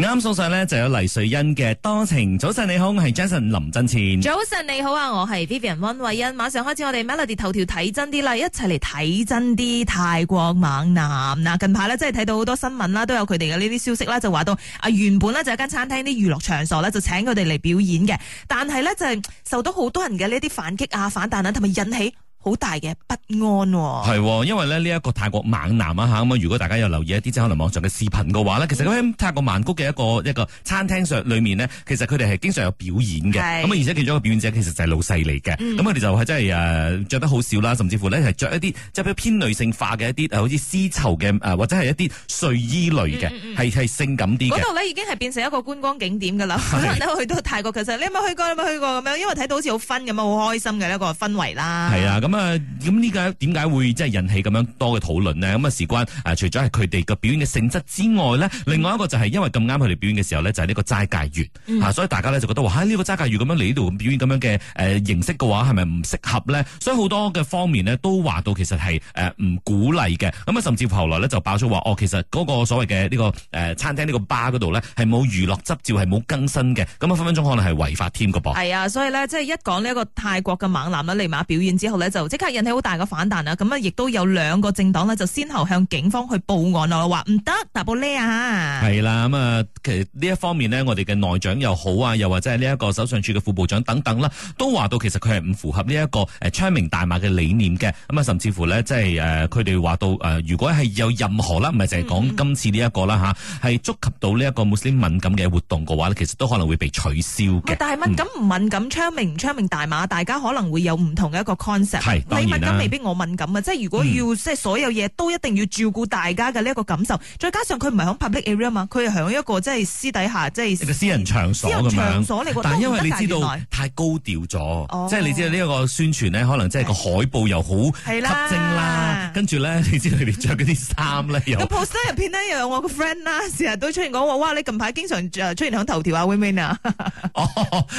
啱啱送上咧就有黎瑞恩嘅多情，早晨你好，我係 Jason 林振前。早晨你好啊，我係 Vivian 溫慧欣。馬上開始我哋 Melody 頭條睇真啲啦，一齊嚟睇真啲泰國猛男啦！近排咧真係睇到好多新聞啦，都有佢哋嘅呢啲消息啦，就話到啊原本咧就有間餐廳啲娛樂場所咧就請佢哋嚟表演嘅，但係咧就係受到好多人嘅呢啲反擊啊、反彈啊，同埋引起。好大嘅不安、哦，係、哦，因為咧呢一個泰國猛男啊吓，咁啊如果大家有留意一啲即可能網上嘅視頻嘅話咧，其實咁樣泰國曼谷嘅一個一個餐廳上裏面呢，其實佢哋係經常有表演嘅，咁是而且其中個表演者其實就係老細嚟嘅，咁佢哋就係真係誒着得好少啦，甚至乎咧係着一啲即係比較偏女性化嘅一啲好似絲綢嘅或者係一啲睡衣類嘅，係係、嗯嗯嗯、性感啲。嗰度咧已經係變成一個觀光景點噶啦，是去到泰國其實你有冇去過？有冇去過咁樣？因為睇到好似好 fun 咁啊，好開心嘅一個氛圍啦。係啊，咁啊，咁呢個點解會即係引起咁樣多嘅討論呢？咁啊，事關啊，除咗係佢哋嘅表演嘅性質之外呢，另外一個就係因為咁啱佢哋表演嘅時候呢，就係呢個齋戒月，所以大家呢就覺得話，呢個齋戒月咁樣嚟呢度表演咁樣嘅誒形式嘅話，係咪唔適合呢？所以好多嘅方面呢，都話到其實係誒唔鼓勵嘅。咁啊，甚至乎後來呢，就爆出話，哦，其實嗰個所謂嘅呢個誒餐廳呢個吧嗰度呢，係冇娛樂執照係冇更新嘅，咁啊分分鐘可能係違法添嘅噃。係啊，所以呢，即係一講呢一個泰國嘅猛男呢嚟馬表演之後呢。即刻引起好大嘅反彈啦！咁啊，亦都有兩個政黨呢就先後向警方去報案啦，話唔得，達布呢啊！係啦，咁啊，其實呢一方面呢，我哋嘅內長又好啊，又或者係呢一個首相署嘅副部長等等啦，都話到其實佢係唔符合呢一個誒昌明大馬嘅理念嘅。咁啊，甚至乎呢、就是，即係誒佢哋話到誒，如果係有任何啦，唔係淨係講今次呢、這、一個啦嚇，係觸、嗯、及到呢一個穆斯林敏感嘅活動嘅話呢其實都可能會被取消嘅。但係敏感唔敏感，昌明唔昌明大馬，大家可能會有唔同嘅一個 concept。你敏感未必我敏感啊，即係如果要即係所有嘢都一定要照顧大家嘅呢一個感受，再加上佢唔係響 public area 嘛，佢係響一個即係私底下即係私人場所咁樣。但因為你知道太高調咗，即係你知道呢一個宣傳咧，可能即係個海報又好吸睛啦，跟住咧你知道你哋着嗰啲衫咧又。個 post 入邊咧又有我個 friend 啦，成日都出現講話，哇你近排經常出現響頭條啊，women 啊。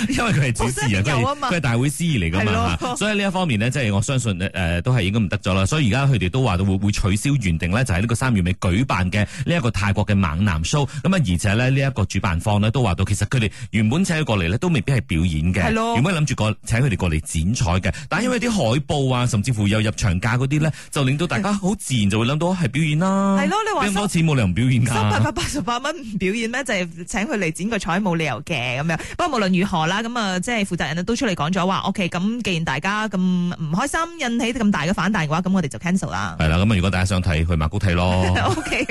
因為佢係主持啊，佢係大會司儀嚟噶嘛，所以呢一方面咧即係我。我相信誒、呃、都係應該唔得咗啦，所以而家佢哋都話到會會取消原定呢，就係、是、呢個三月尾舉辦嘅呢一個泰國嘅猛男 show。咁啊，而且呢，呢、這、一個主辦方呢都話到，其實佢哋原本請佢過嚟呢都未必係表演嘅。的原本諗住過請佢哋過嚟剪彩嘅，但係因為啲海報啊，甚至乎有入場價嗰啲呢，就令到大家好自然就會諗到係表演啦、啊。係咯，你話多錢冇理由表演㗎、啊。八,八,八,八百八十八蚊表演呢，就係、是、請佢嚟剪個彩冇理由嘅咁樣。不過無論如何啦，咁啊即係負責人都出嚟講咗話，OK，咁既然大家咁唔開心。針引起咁大嘅反彈嘅話，咁我哋就 cancel 啦。係啦，咁啊，如果大家想睇，去曼谷睇咯。O K。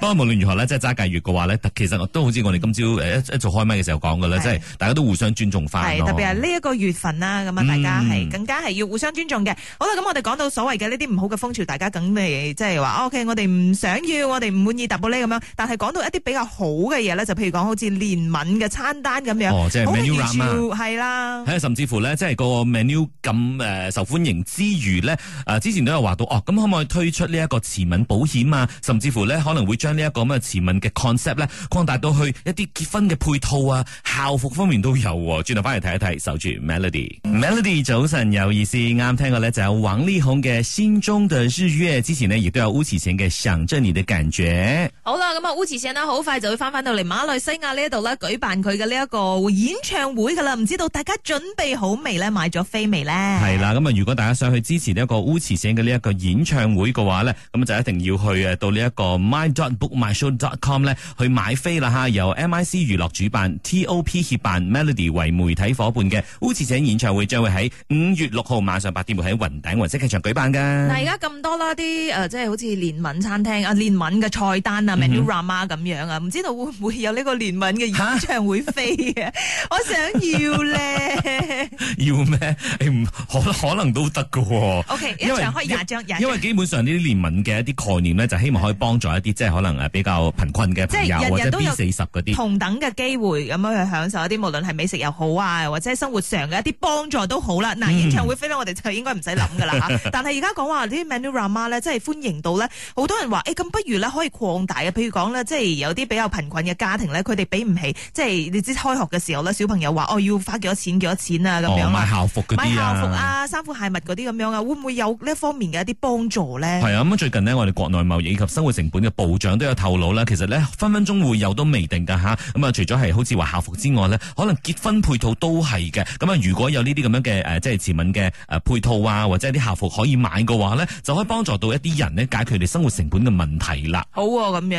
不過無論如何咧，即係齋戒月嘅話咧，其實都好似我哋今朝誒一早開咪嘅時候講嘅咧，的即係大家都互相尊重翻。係特別係呢一個月份啦，咁啊，大家係更加係要互相尊重嘅。嗯、好啦，咁我哋講到所謂嘅呢啲唔好嘅風潮，大家梗係即係話 O K，我哋唔想要，我哋唔滿意踏步呢咁樣。但係講到一啲比較好嘅嘢咧，就譬如講好似連文嘅餐單咁樣，好容易住係啦。係、就是、啊，嘛的甚至乎咧，即、就、係、是、個 menu 咁誒受歡迎，之餘、啊、之前都有話到哦，咁可唔可以推出呢一個遲敏保險啊？甚至乎呢可能會將呢一個咁嘅遲敏嘅 concept 呢擴大到去一啲結婚嘅配套啊、校服方面都有、啊。轉頭翻嚟睇一睇，守住 Melody，Melody、mm hmm. Melody 早晨有意思，啱聽嘅呢就有王力宏嘅心中的日月，之前呢，亦都有巫啟賢嘅想着你嘅感覺。好啦，咁、嗯、啊，巫啟賢呢，好快就會翻翻到嚟馬來西亞呢一度呢，舉辦佢嘅呢一個演唱會噶啦，唔知道大家準備好未呢？買咗飛未呢？係啦，咁、嗯、啊，如果。大家想去支持呢一個烏池醒嘅呢一個演唱會嘅話咧，咁就一定要去誒到呢一個 mydotbookmyshow.com 咧去買飛啦嚇。由 M I C 娛樂主辦，T O P 協辦，Melody 為媒體夥伴嘅烏池醒演唱會將會喺五月六號晚上八點半喺雲頂雲色劇場舉辦㗎。嗱，而家咁多啦啲誒，即係好似連文餐廳啊，連文嘅菜單啊 m e r a m a 咁樣啊，唔、mm hmm. 知道會唔會有呢個連文嘅演唱會飛啊？蛤我想要咧， 要咩、欸？可可能都 都得㗎喎，okay, 因張為因為基本上呢啲聯盟嘅一啲概念咧，就希望可以幫助一啲即係可能係比較貧困嘅朋友即是或者 B 四十嗰啲同等嘅機會咁樣去享受一啲無論係美食又好啊，或者生活上嘅一啲幫助都好啦。嗱、嗯啊，演唱會飛咧，我哋就應該唔使諗噶啦，但係而家講話啲 Menu Rahmah 呢，真係歡迎到咧，好多人話咁、欸、不如呢，可以擴大嘅，譬如講呢，即係有啲比較貧困嘅家庭呢，佢哋俾唔起，即係你知開學嘅時候呢，小朋友話哦要花幾多錢幾多錢啊咁樣、哦、買校服、啊、買校服啊，衫褲鞋。啊物嗰啲咁樣啊，會唔會有呢一方面嘅一啲幫助咧？係啊，咁最近呢，我哋國內貿易及生活成本嘅部長都有透露啦。其實咧，分分鐘會有都未定㗎吓。咁啊，除咗係好似話校服之外咧，可能結婚配套都係嘅。咁啊，如果有呢啲咁樣嘅誒、呃，即係詞敏嘅誒配套啊，或者啲校服可以買嘅話咧，就可以幫助到一啲人呢，解決你生活成本嘅問題啦。好喎、啊，咁樣、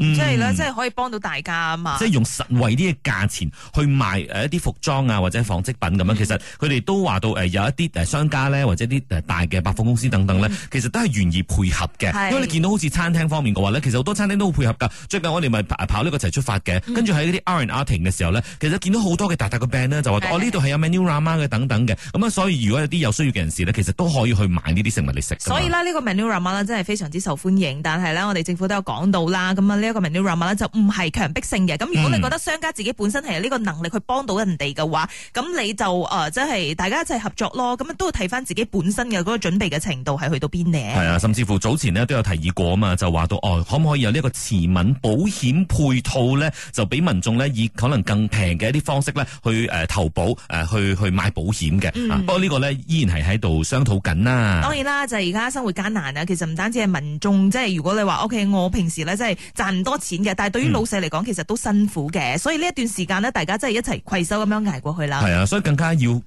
嗯、即係咧，即係可以幫到大家啊嘛。嗯、即係用實惠啲嘅價錢去賣誒一啲服裝啊，或者紡織品咁、啊、樣，嗯、其實佢哋都話到誒有一啲誒商家。或者啲大嘅百貨公司等等咧，嗯、其實都係願意配合嘅，是因為你見到好似餐廳方面嘅話咧，其實好多餐廳都好配合㗎。最近我哋咪跑呢個一齊出發嘅，跟住喺啲 iron outing 嘅時候咧，其實見到好多嘅大嘅 brand 咧，就話是哦呢度係有 Menu Rahmah 啊嘅等等嘅，咁啊所以如果有啲有需要嘅人士咧，其實都可以去買呢啲食物嚟食。所以呢、呢個 Menu Rahmah 咧真係非常之受歡迎，但係咧我哋政府都有講到啦，咁呢一個 Menu Rahmah 咧就唔係強迫性嘅。咁如果你覺得商家自己本身係有呢個能力去幫到人哋嘅話，咁你就即係、呃就係、大家一齊合作咯，咁啊都要睇返自己本身嘅嗰個準備嘅程度係去到邊呢？係啊，甚至乎早前呢都有提議過啊嘛，就話到哦，可唔可以有呢個個慈民保險配套咧，就俾民眾咧以可能更平嘅一啲方式咧去、呃、投保、呃、去去買保險嘅、嗯啊。不過個呢個咧依然係喺度商討緊啦、啊。當然啦，就係而家生活艱難啊，其實唔單止係民眾，即、就、係、是、如果你話 OK，我平時咧即係賺唔多錢嘅，但係對於老細嚟講，嗯、其實都辛苦嘅。所以呢一段時間呢，大家真係一齊攜手咁樣捱過去啦。係啊，所以更加要。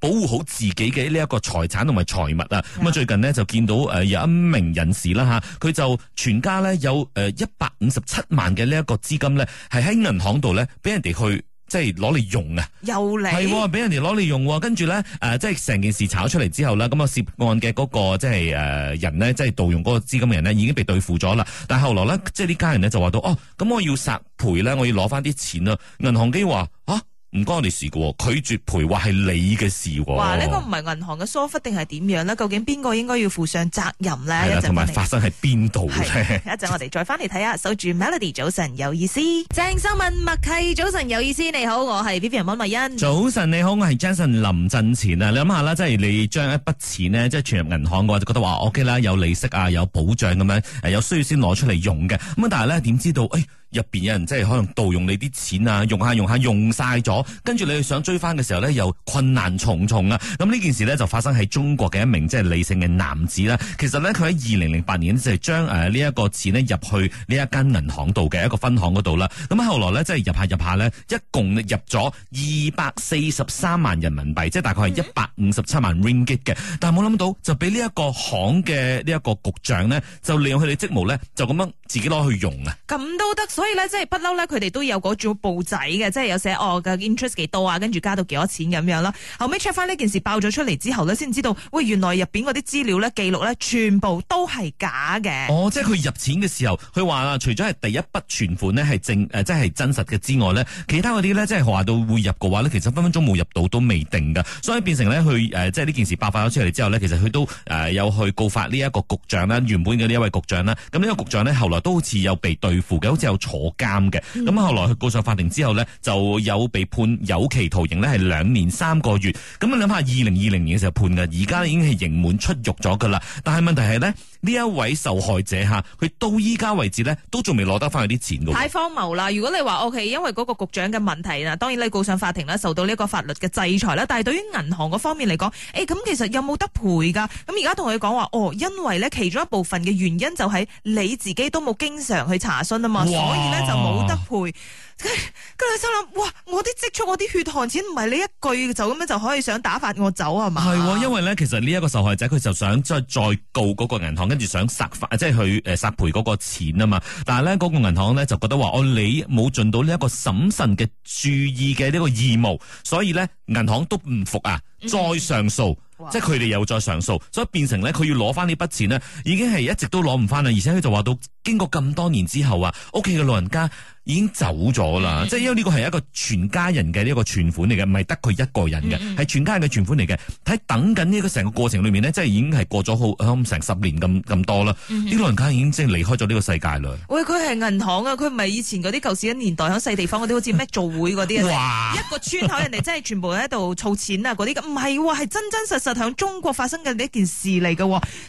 保護好自己嘅呢一個財產同埋財物啊！咁啊最近呢，就見到誒有一名人士啦吓，佢就全家咧有誒一百五十七萬嘅呢一個資金咧係喺銀行度咧俾人哋去即係攞嚟用啊！有嚟係俾人哋攞嚟用，跟住咧誒即係成件事炒出嚟之後啦，咁啊涉案嘅嗰個即係誒人咧即係盜用嗰個資金嘅人咧已經被對付咗啦。但係後來咧即係呢家人咧就話到哦，咁我要索賠呢，我要攞翻啲錢銀啊！銀行機話啊。唔關我哋事喎，拒絕賠，話係你嘅事。哇！呢個唔係銀行嘅疏忽，定係點樣咧？究竟邊個應該要負上責任咧？係啊，同埋發生喺邊度咧？一陣我哋再翻嚟睇下。 守住 Melody，早晨有意思。鄭秀文默契，早晨有意思。你好，我係 Vivian 溫文欣。早晨你好，我係 Jason 林振前啊。你諗下啦，即係你將一筆錢呢，即係存入銀行嘅話，就覺得話 O K 啦，有利息啊，有保障咁樣，有需要先攞出嚟用嘅。咁但係咧，點知道誒？哎入面有人即係可能盜用你啲錢啊，用下用下用晒咗，跟住你去想追翻嘅時候呢，又困難重重啊！咁呢件事呢，就發生喺中國嘅一名即係、就是、理性嘅男子啦。其實呢，佢喺二零零八年就係將呢一個錢呢入去呢一間銀行度嘅一個分行嗰度啦。咁啊後來呢即係、就是、入下入下呢，一共入咗二百四十三萬人民幣，即、就、係、是、大概係一百五十七萬 ringgit 嘅。但係冇諗到就俾呢一個行嘅呢一個局長呢，就利用佢哋職務呢，就咁樣。自己攞去用啊！咁都得，所以咧，即係不嬲咧，佢哋都有嗰種報仔嘅，即係有寫哦嘅 interest 幾多啊，跟住加到幾多錢咁樣咯。後尾 check 翻呢件事爆咗出嚟之後呢，先知道，喂，原來入邊嗰啲資料咧記錄咧，全部都係假嘅。哦，即係佢入錢嘅時候，佢話啊，除咗係第一筆存款呢係正誒、呃，即係真實嘅之外呢，其他嗰啲咧，即係話到會入嘅話呢，其實分分鐘冇入到都未定嘅。所以變成呢，佢誒、呃，即係呢件事爆發咗出嚟之後呢，其實佢都誒有去告發呢一個局長啦，原本嘅呢一位局長啦。咁呢個局長呢，後來。都好似有被對付嘅，好似有坐監嘅。咁、嗯、後來佢告上法庭之後呢，就有被判有期徒刑呢，係兩年三個月。咁諗下，二零二零年嘅時候判嘅，而家已經係刑滿出獄咗噶啦。但係問題係呢。呢一位受害者吓，佢到依家為止咧，都仲未攞得翻佢啲錢嘅。太荒謬啦！如果你話 OK，因為嗰個局長嘅問題啦，當然你告上法庭啦，受到呢個法律嘅制裁啦。但係對於銀行嗰方面嚟講，誒，咁其實有冇得賠噶？咁而家同佢講話，哦，因為咧其中一部分嘅原因就係你自己都冇經常去查詢啊嘛，哇所以咧就冇得賠。跟住心諗，哇！我啲積蓄，我啲血汗錢，唔係你一句就咁樣就可以想打發我走係嘛？係，因為咧，其實呢一個受害者佢就想再再告嗰個銀行，跟住想索翻，即係去誒索賠嗰個錢啊嘛。但係咧，嗰個銀行咧就覺得話，我你冇盡到呢一個審慎嘅注意嘅呢個義務，所以咧，銀行都唔服啊，再上訴，嗯、即係佢哋又再上訴，所以變成咧，佢要攞翻呢筆錢呢已經係一直都攞唔翻啦。而且佢就話到，經過咁多年之後啊，屋企嘅老人家，已經走咗啦，即係因為呢個係一個全家人嘅呢個存款嚟嘅，唔係得佢一個人嘅，係全家人嘅存款嚟嘅。喺等緊呢個成個過程裏面呢，即係已經係過咗好響成十年咁咁多啦。啲老人家已經即係離開咗呢個世界啦。喂，佢係銀行啊，佢唔係以前嗰啲舊時一年代響細地方嗰啲好似咩做會嗰啲啊， 哇 一個村口人哋真係全部喺度儲錢啊，嗰啲咁。唔係，係真真實實響中國發生嘅呢件事嚟嘅。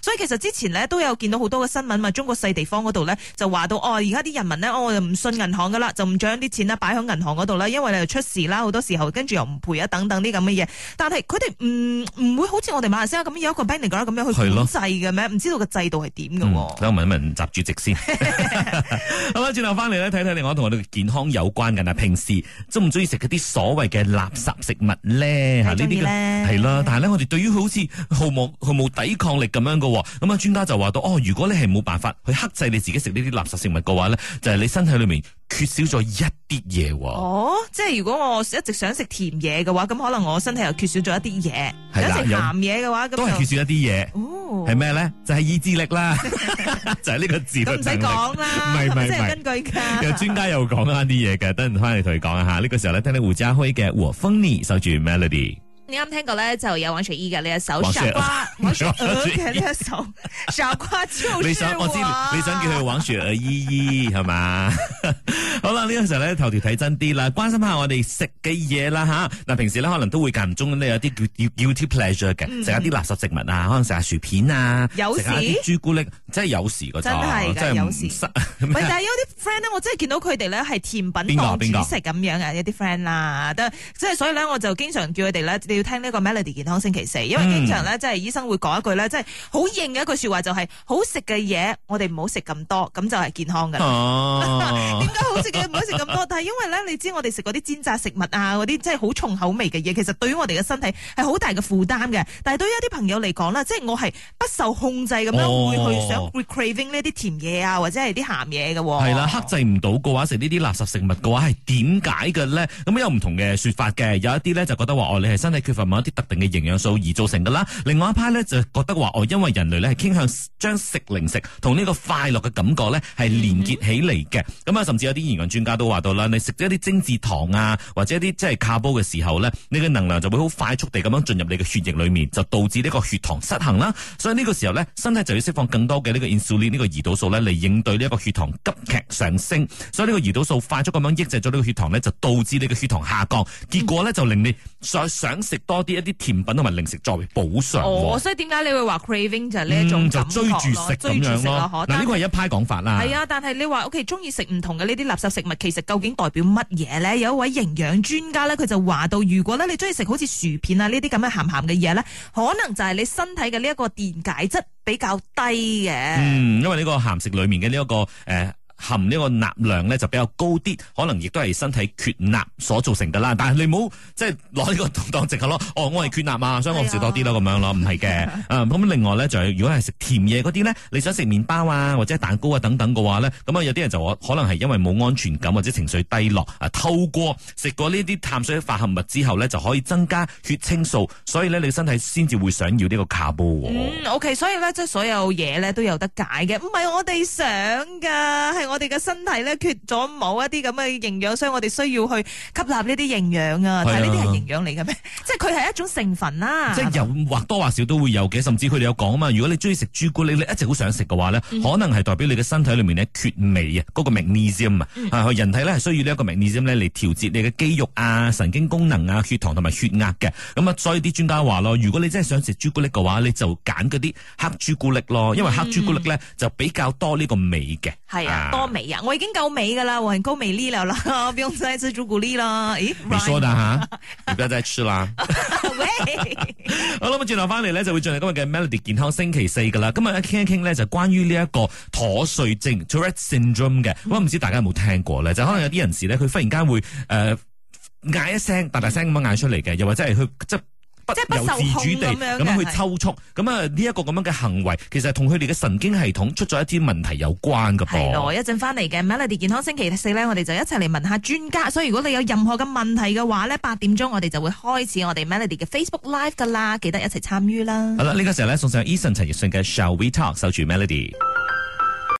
所以其實之前呢，都有見到好多嘅新聞嘛，中國細地方嗰度、哦、呢，就話到哦，而家啲人民咧我又唔信銀行。講噶啦，就唔將啲錢啦擺喺銀行嗰度啦，因為你又出事啦，好多時候跟住又唔賠啊，等等啲咁嘅嘢。但係佢哋唔唔會好似我哋馬來西亞咁有一個 binding 咁樣去制嘅咩？唔的知道個制度係點嘅。等我問一問習主席先。 好啦，轉頭翻嚟睇睇另外同我哋健康有關嘅嗱，平時中唔中意食嗰啲所謂嘅垃圾食物咧？吓呢啲咧係啦，但係咧我哋對於好似毫無毫無抵抗力咁樣嘅，咁啊專家就話到哦，如果你係冇辦法去克制你自己食呢啲垃圾食物嘅話咧，就係、是、你身體裏面。缺少咗一啲嘢喎，哦，即係如果我一直想食甜嘢嘅話，咁可能我身體又缺少咗一啲嘢係啦，食的鹹嘢嘅話，咁都係缺少一啲嘢。哦，係咩咧？就係、是、意志力啦， 就係呢個字。唔使講啦，唔係唔係唔係，是是是根據嘅。 專家又講翻啲嘢嘅，等陣翻嚟同你講一下。呢、這個時候咧，聽到胡家輝嘅《和風裏》守住 Melody。你啱聽過咧，就有王雪依嘅呢一首傻瓜，王一首傻瓜我。你想我知，你想叫佢王雪依依係嘛？好啦，呢個時候咧，頭條睇真啲啦，關心下我哋食嘅嘢啦吓。嗱，平時咧可能都會間唔中咧有啲叫叫叫貼 pleasure 嘅，食下啲垃圾食物啊，可能食下薯片啊，有時朱古力，即係有時真咋，即係唔識。但係有啲 friend 我真係見到佢哋咧係甜品當主食咁樣嘅，有啲 friend 啦，即係所以咧，我就經常叫佢哋咧。聽呢個 melody 健康星期四，因為經常咧，即係、嗯、醫生會講一句咧，即係好應嘅一句說話，就是，就係好食嘅嘢，我哋唔好食咁多，咁就係健康嘅。哦、啊，點解 好食嘅唔好食咁多？ 但係因為咧，你知我哋食嗰啲煎炸食物啊，嗰啲即係好重口味嘅嘢，其實對於我哋嘅身體係好大嘅負擔嘅。但係對於一啲朋友嚟講啦，即、就、係、是、我係不受控制咁樣會去想 re craving 呢啲甜嘢啊，或者係啲鹹嘢嘅、啊。係啦，克制唔到嘅話，食呢啲垃圾食物嘅話，係點解嘅咧？咁有唔同嘅說法嘅，有一啲咧就覺得話，哦，你係身體，缺乏某一啲特定嘅營養素而造成噶啦，另外一派呢，就覺得話，我、哦、因為人類咧係傾向將食零食同呢個快樂嘅感覺咧係連結起嚟嘅，咁、嗯、啊，甚至有啲營養專家都話到啦，你食咗一啲精製糖啊，或者一啲即係卡煲嘅時候呢，你嘅能量就會好快速地咁樣進入你嘅血液裡面，就導致呢個血糖失衡啦。所以呢個時候呢，身體就要釋放更多嘅呢個 insulin 呢個胰島素呢嚟應對呢一個血糖急劇上升。所以呢個胰島素快速咁樣抑制咗呢個血糖呢，就導致你嘅血糖下降，結果呢，就令、嗯、你再想食多啲一啲甜品同埋零食作為補償。哦，所以點解你會話 craving 就係呢一種感覺咯？嗱，嗯，就追住食咁樣，追住食咁樣，呢個係一派講法啦。係啊，但係你話，OK，中意食唔同嘅呢啲垃圾食物，其實究竟代表乜嘢咧？有一位營養專家咧，佢就話到，如果咧你中意食好似薯片啊呢啲咁嘅咸咸嘅嘢咧，可能就係你身體嘅呢一個電解質比較低嘅。嗯，因為呢個咸食裏面嘅呢一個誒。呃含呢個鈉量呢，就比較高啲，可能亦都係身體缺鈉所造成噶啦。但係你唔好即係攞呢個當直嘅咯。哦，我係缺鈉是啊，所以我食多啲啦，咁樣咯，唔係嘅。咁另外呢，就係如果係食甜嘢嗰啲呢，你想食麵包啊或者蛋糕啊等等嘅話呢，咁啊有啲人就可能係因為冇安全感或者情緒低落啊，透過食過呢啲碳水化合物之後呢，就可以增加血清素，所以呢，你身體先至會想要呢個卡波、哦。嗯、o、okay, k 所以呢，即係所有嘢呢，都有得解嘅，唔係我哋想噶，係我哋嘅身體咧，缺咗某一啲咁嘅營養，所以我哋需要去吸納呢啲營養啊。但係呢啲係營養嚟嘅咩？即係佢係一種成分啦、啊。即係有吧或多或少都會有嘅，甚至佢哋有講啊嘛。如果你中意食朱古力，你一直好想食嘅話咧，嗯、可能係代表你嘅身體裏面咧，缺鎂啊。嗰、那個鎂離子啊，啊，人體咧係需要呢一個鎂離子嚟調節你嘅肌肉啊、神經功能啊、血糖同埋血壓嘅。咁啊，所以啲專家話咯，如果你真係想食朱古力嘅話，你就揀嗰啲黑朱古力咯，因為黑朱古力咧、嗯、就比較多呢個鎂嘅。係啊。多美啊！我已經夠美噶啦，我夠美麗啦啦，不用再吃朱古力啦。咦？你說的哈？你不要再吃啦。 喂 好啦，咁轉頭翻嚟咧，就會進入今日嘅 Melody 健康星期四噶啦。今日咧傾一傾咧，就關於呢一個妥瑞症、嗯、Tourette Syndrome 嘅，我唔知大家有冇聽過咧，就是、可能有啲人士咧，佢忽然間會誒嗌、呃、一聲大大聲咁樣嗌出嚟嘅，又或者係佢即。即係不由自主地咁去抽搐，咁啊呢一個咁樣嘅行為，其實同佢哋嘅神經系統出咗一啲問題有關噶噃。係咯，一陣翻嚟嘅 Melody 健康星期四咧，我哋就一齊嚟問下專家。所以如果你有任何嘅問題嘅話咧，八點鐘我哋就會開始我哋 Melody 嘅 Facebook Live 噶啦，記得一齊參與啦。好啦，呢個時候咧送上 Eason 陳奕迅嘅《Shall We Talk》，守住 Melody。